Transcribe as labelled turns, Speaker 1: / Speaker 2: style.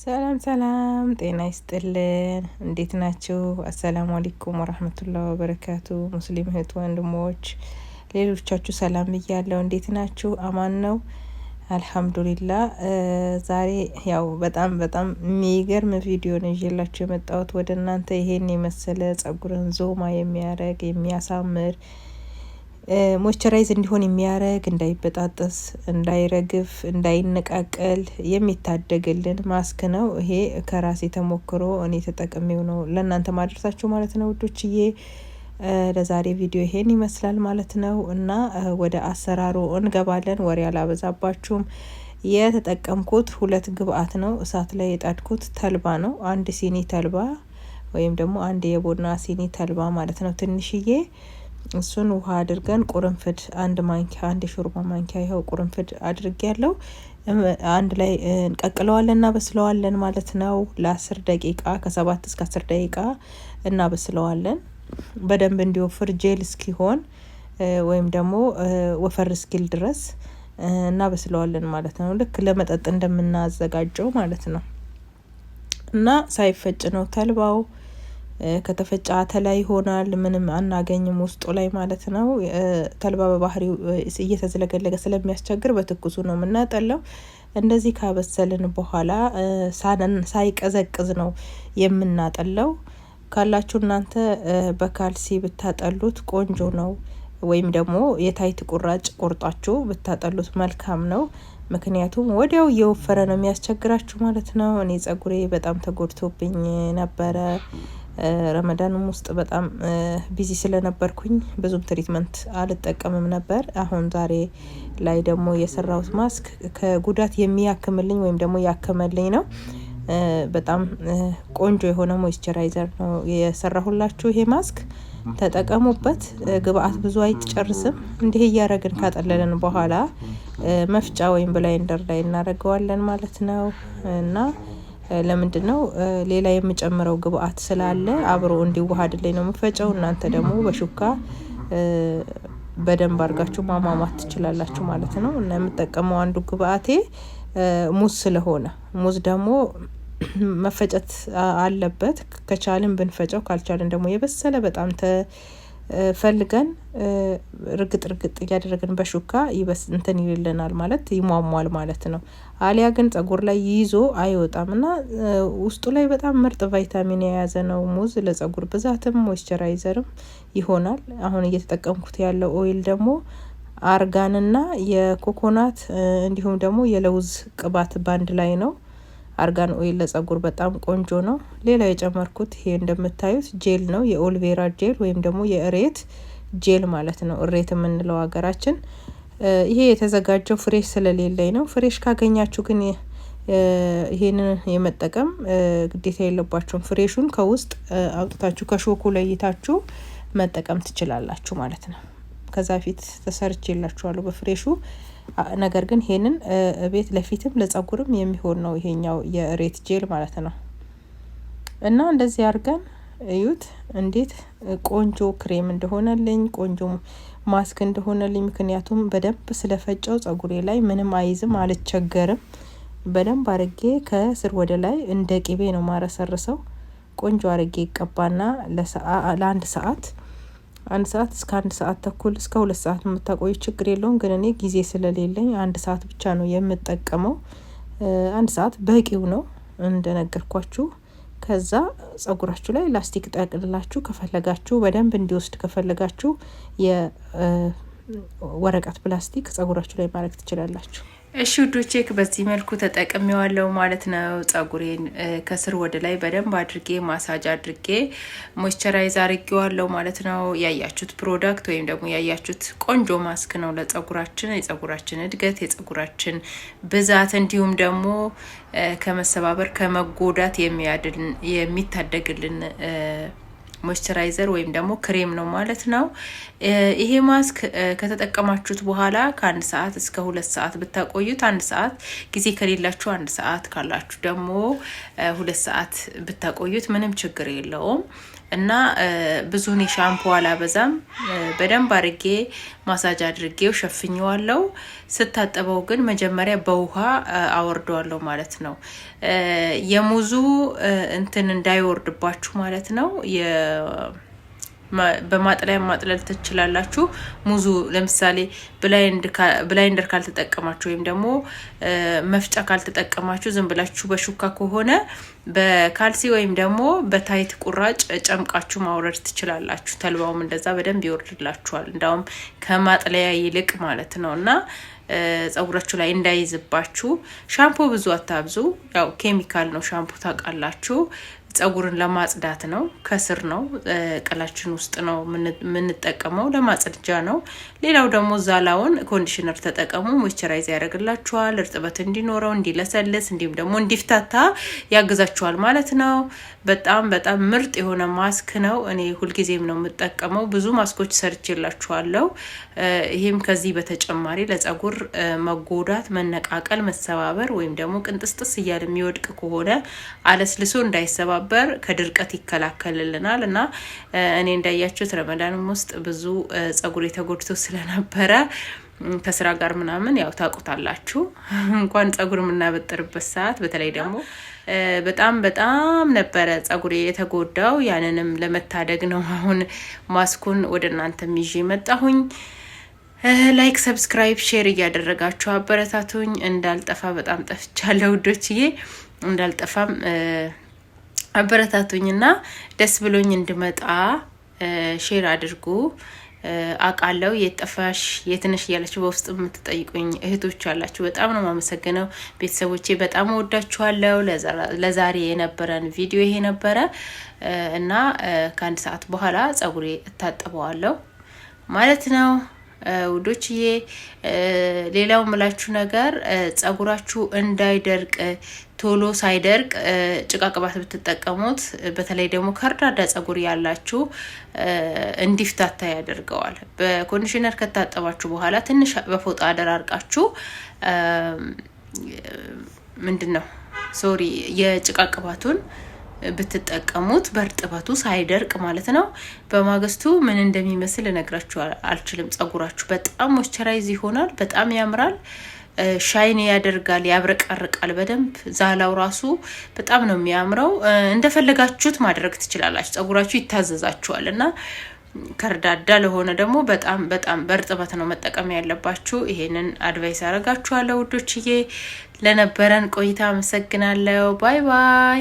Speaker 1: ሰላም ሰላም፣ ጤና ይስጥልን። እንዴት ናችሁ? አሰላሙ አሌይኩም ወራህመቱላህ ወበረካቱ። ሙስሊም እህት ወንድሞች፣ ሌሎቻችሁ ሰላም ብያለሁ። እንዴት ናችሁ? አማን ነው አልሐምዱሊላ። ዛሬ ያው በጣም በጣም የሚገርም ቪዲዮ ነው ይዤላችሁ የመጣሁት ወደ እናንተ። ይሄን የመሰለ ጸጉርን ዞማ የሚያረግ የሚያሳምር ሞይስቸራይዝ እንዲሆን የሚያረግ እንዳይበጣጠስ፣ እንዳይረግፍ፣ እንዳይነቃቀል የሚታደግልን ማስክ ነው። ይሄ ከራሴ ተሞክሮ እኔ ተጠቅሜው ነው ለእናንተ ማድረሳችሁ ማለት ነው ውዶችዬ። ለዛሬ ቪዲዮ ይሄን ይመስላል ማለት ነው እና ወደ አሰራሩ እንገባለን። ወሬ አላበዛባችሁም። የተጠቀምኩት ሁለት ግብአት ነው። እሳት ላይ የጣድኩት ተልባ ነው። አንድ ሲኒ ተልባ ወይም ደግሞ አንድ የቦና ሲኒ ተልባ ማለት ነው ትንሽዬ እሱን ውሃ አድርገን ቁርንፍድ አንድ ማንኪያ አንድ የሾርባ ማንኪያ ይኸው ቁርንፍድ አድርጌ ያለው አንድ ላይ እንቀቅለዋለን እናበስለዋለን ማለት ነው። ለአስር ደቂቃ ከሰባት እስከ አስር ደቂቃ እናበስለዋለን በደንብ እንዲወፍር ጄል እስኪሆን ወይም ደግሞ ወፈር እስኪል ድረስ እናበስለዋለን ማለት ነው። ልክ ለመጠጥ እንደምናዘጋጀው ማለት ነው እና ሳይፈጭ ነው ተልባው ከተፈጨ አተላ ይሆናል። ምንም አናገኝም ውስጡ ላይ ማለት ነው። ተልባ በባህሪው እየተዝለገለገ ስለሚያስቸግር በትኩሱ ነው የምናጠለው። እንደዚህ ካበሰልን በኋላ ሳይቀዘቅዝ ነው የምናጠለው። ካላችሁ እናንተ በካልሲ ብታጠሉት ቆንጆ ነው። ወይም ደግሞ የታይት ቁራጭ ቆርጣችሁ ብታጠሉት መልካም ነው። ምክንያቱም ወዲያው እየወፈረ ነው የሚያስቸግራችሁ ማለት ነው። እኔ ጸጉሬ በጣም ተጎድቶብኝ ነበረ። ረመዳንም ውስጥ በጣም ቢዚ ስለነበርኩኝ ብዙም ትሪትመንት አልጠቀምም ነበር። አሁን ዛሬ ላይ ደግሞ የሰራሁት ማስክ ከጉዳት የሚያክምልኝ ወይም ደግሞ ያክመልኝ ነው። በጣም ቆንጆ የሆነ ሞይስቸራይዘር ነው የሰራሁላችሁ። ይሄ ማስክ ተጠቀሙበት። ግብአት ብዙ አይጨርስም። እንዲህ እያደረግን ካጠለለን በኋላ መፍጫ ወይም ብላይንደር ላይ እናደርገዋለን ማለት ነው እና ለምንድነው ሌላ የምጨምረው ግብአት ስላለ አብሮ እንዲዋሃድልኝ ነው የምፈጨው። እናንተ ደግሞ በሹካ በደንብ አድርጋችሁ ማሟማት ትችላላችሁ ማለት ነው። እና የምጠቀመው አንዱ ግብአቴ ሙዝ ስለሆነ ሙዝ ደግሞ መፈጨት አለበት። ከቻልን ብንፈጨው፣ ካልቻልን ደግሞ የበሰለ በጣም ፈልገን ርግጥ ርግጥ እያደረግን በሹካ ይበስ እንትን ይልልናል ማለት ይሟሟል ማለት ነው። አሊያ ግን ጸጉር ላይ ይዞ አይወጣም እና ውስጡ ላይ በጣም ምርጥ ቫይታሚን የያዘ ነው። ሙዝ ለጸጉር ብዛትም ሞይስቸራይዘርም ይሆናል። አሁን እየተጠቀምኩት ያለው ኦይል ደግሞ አርጋንና የኮኮናት እንዲሁም ደግሞ የለውዝ ቅባት ባንድ ላይ ነው አርጋን ኦይል ለጸጉር በጣም ቆንጆ ነው። ሌላ የጨመርኩት ይሄ እንደምታዩት ጄል ነው፣ የኦልቬራ ጄል ወይም ደግሞ የእሬት ጄል ማለት ነው። እሬት የምንለው ሀገራችን። ይሄ የተዘጋጀው ፍሬሽ ስለሌለኝ ነው። ፍሬሽ ካገኛችሁ ግን ይሄንን የመጠቀም ግዴታ የለባችሁም። ፍሬሹን ከውስጥ አውጥታችሁ ከሾኩ ለይታችሁ መጠቀም ትችላላችሁ ማለት ነው። ከዛ ፊት ተሰርቼ የላችኋለሁ በፍሬሹ ነገር ግን ይሄንን ቤት ለፊትም ለጸጉርም የሚሆን ነው ይሄኛው የሬት ጄል ማለት ነው። እና እንደዚህ አድርገን እዩት እንዴት ቆንጆ ክሬም እንደሆነልኝ ቆንጆ ማስክ እንደሆነልኝ። ምክንያቱም በደንብ ስለፈጨው ጸጉሬ ላይ ምንም አይዝም፣ አልቸገርም። በደንብ አርጌ ከስር ወደ ላይ እንደ ቂቤ ነው ማረሰርሰው። ቆንጆ አርጌ ይቀባና ለአንድ ሰዓት አንድ ሰዓት እስከ አንድ ሰዓት ተኩል እስከ ሁለት ሰዓት የምታቆዩ ችግር የለውም። ግን እኔ ጊዜ ስለሌለኝ አንድ ሰዓት ብቻ ነው የምጠቀመው። አንድ ሰዓት በቂው ነው እንደነገርኳችሁ። ከዛ ጸጉራችሁ ላይ ላስቲክ ጠቅልላችሁ ከፈለጋችሁ በደንብ እንዲወስድ ከፈለጋችሁ የወረቀት ፕላስቲክ ጸጉራችሁ ላይ ማድረግ ትችላላችሁ። እሺ ውዶቼ በዚህ መልኩ ተጠቅሜዋለሁ ማለት ነው። ጸጉሬን ከስር ወደ ላይ በደንብ አድርጌ ማሳጅ አድርጌ ሞይስቸራይዝ አድርጌዋለሁ ማለት ነው። ያያችሁት ፕሮዳክት ወይም ደግሞ ያያችሁት ቆንጆ ማስክ ነው ለጸጉራችን፣ የጸጉራችን እድገት፣ የጸጉራችን ብዛት እንዲሁም ደግሞ ከመሰባበር ከመጎዳት የሚያድን የሚታደግልን ሞይስቸራይዘር ወይም ደግሞ ክሬም ነው ማለት ነው። ይሄ ማስክ ከተጠቀማችሁት በኋላ ከአንድ ሰዓት እስከ ሁለት ሰዓት ብታቆዩት፣ አንድ ሰዓት ጊዜ ከሌላችሁ አንድ ሰዓት ካላችሁ ደግሞ ሁለት ሰዓት ብታቆዩት ምንም ችግር የለውም። እና ብዙ እኔ ሻምፖ አላበዛም። በደንብ አድርጌ ማሳጅ አድርጌው ሸፍኘዋለው። ስታጠበው ግን መጀመሪያ በውሃ አወርደዋለው ማለት ነው። የሙዙ እንትን እንዳይወርድባችሁ ማለት ነው። በማጥለያ ማጥለል ትችላላችሁ። ሙዙ ለምሳሌ ብላይንደር ካልተጠቀማችሁ ወይም ደግሞ መፍጫ ካልተጠቀማችሁ ዝም ብላችሁ በሹካ ከሆነ በካልሲ ወይም ደግሞ በታይት ቁራጭ ጨምቃችሁ ማውረድ ትችላላችሁ። ተልባውም እንደዛ በደንብ ይወርድላችኋል። እንዳውም ከማጥለያ ይልቅ ማለት ነው እና ጸጉራችሁ ላይ እንዳይዝባችሁ ሻምፖ ብዙ አታብዙ። ያው ኬሚካል ነው ሻምፖ ታውቃላችሁ። ፀጉርን ለማጽዳት ነው። ከስር ነው ቅላችን ውስጥ ነው የምንጠቀመው፣ ለማጽጃ ነው። ሌላው ደግሞ ዛላውን ኮንዲሽነር ተጠቀሙ። ሞይስቸራይዝ ያደርግላችኋል፣ እርጥበት እንዲኖረው፣ እንዲለሰልስ እንዲሁም ደግሞ እንዲፍታታ ያግዛችኋል ማለት ነው። በጣም በጣም ምርጥ የሆነ ማስክ ነው። እኔ ሁልጊዜም ነው የምጠቀመው። ብዙ ማስኮች ሰርቼላችኋለሁ። ይህም ከዚህ በተጨማሪ ለፀጉር መጎዳት፣ መነቃቀል፣ መሰባበር ወይም ደግሞ ቅንጥስጥስ እያለ የሚወድቅ ከሆነ አለስልሶ እንዳይሰባበር ማበር ከድርቀት ይከላከልልናል እና እኔ እንዳያችሁት ረመዳንም ውስጥ ብዙ ጸጉሬ ተጎድቶ ስለነበረ ከስራ ጋር ምናምን ያው ታውቁታላችሁ። እንኳን ጸጉር የምናበጥርበት ሰዓት በተለይ ደግሞ በጣም በጣም ነበረ ጸጉሬ የተጎዳው። ያንንም ለመታደግ ነው አሁን ማስኩን ወደ እናንተም ይዤ መጣሁኝ። ላይክ፣ ሰብስክራይብ፣ ሼር እያደረጋችሁ አበረታቱኝ። እንዳልጠፋ በጣም ጠፍቻለሁ ውዶችዬ፣ እንዳልጠፋም አበረታቱኝና ደስ ብሎኝ እንድመጣ ሼር አድርጉ። አቃለው የጠፋሽ የትንሽ እያላችሁ በውስጥ የምትጠይቁኝ እህቶች አላችሁ። በጣም ነው የማመሰግነው ቤተሰቦቼ፣ በጣም ወዳችኋለው። ለዛሬ የነበረን ቪዲዮ ይሄ ነበረ እና ከአንድ ሰዓት በኋላ ጸጉሬ እታጥበዋለሁ ማለት ነው ውዶችዬ። ሌላው የምላችሁ ነገር ጸጉራችሁ እንዳይደርቅ ቶሎ ሳይደርቅ ጭቃ ቅባት ብትጠቀሙት በተለይ ደግሞ ከርዳዳ ጸጉር ያላችሁ እንዲፍታታ ያደርገዋል። በኮንዲሽነር ከታጠባችሁ በኋላ ትንሽ በፎጣ አደራርቃችሁ ምንድን ነው ሶሪ የጭቃ ቅባቱን ብትጠቀሙት በእርጥበቱ ሳይደርቅ ማለት ነው። በማግስቱ ምን እንደሚመስል እነግራችሁ አልችልም። ጸጉራችሁ በጣም ሞይስቸራይዝ ይሆናል። በጣም ያምራል። ሻይን ያደርጋል፣ ያብረቀርቃል በደንብ ዛላው ራሱ በጣም ነው የሚያምረው። እንደፈለጋችሁት ማድረግ ትችላላችሁ። ጸጉራችሁ ይታዘዛችኋል እና ከርዳዳ ለሆነ ደግሞ በጣም በጣም በእርጥበት ነው መጠቀም ያለባችሁ። ይሄንን አድቫይስ ያደረጋችኋለሁ ውዶችዬ። ለነበረን ቆይታ አመሰግናለሁ። ባይ ባይ።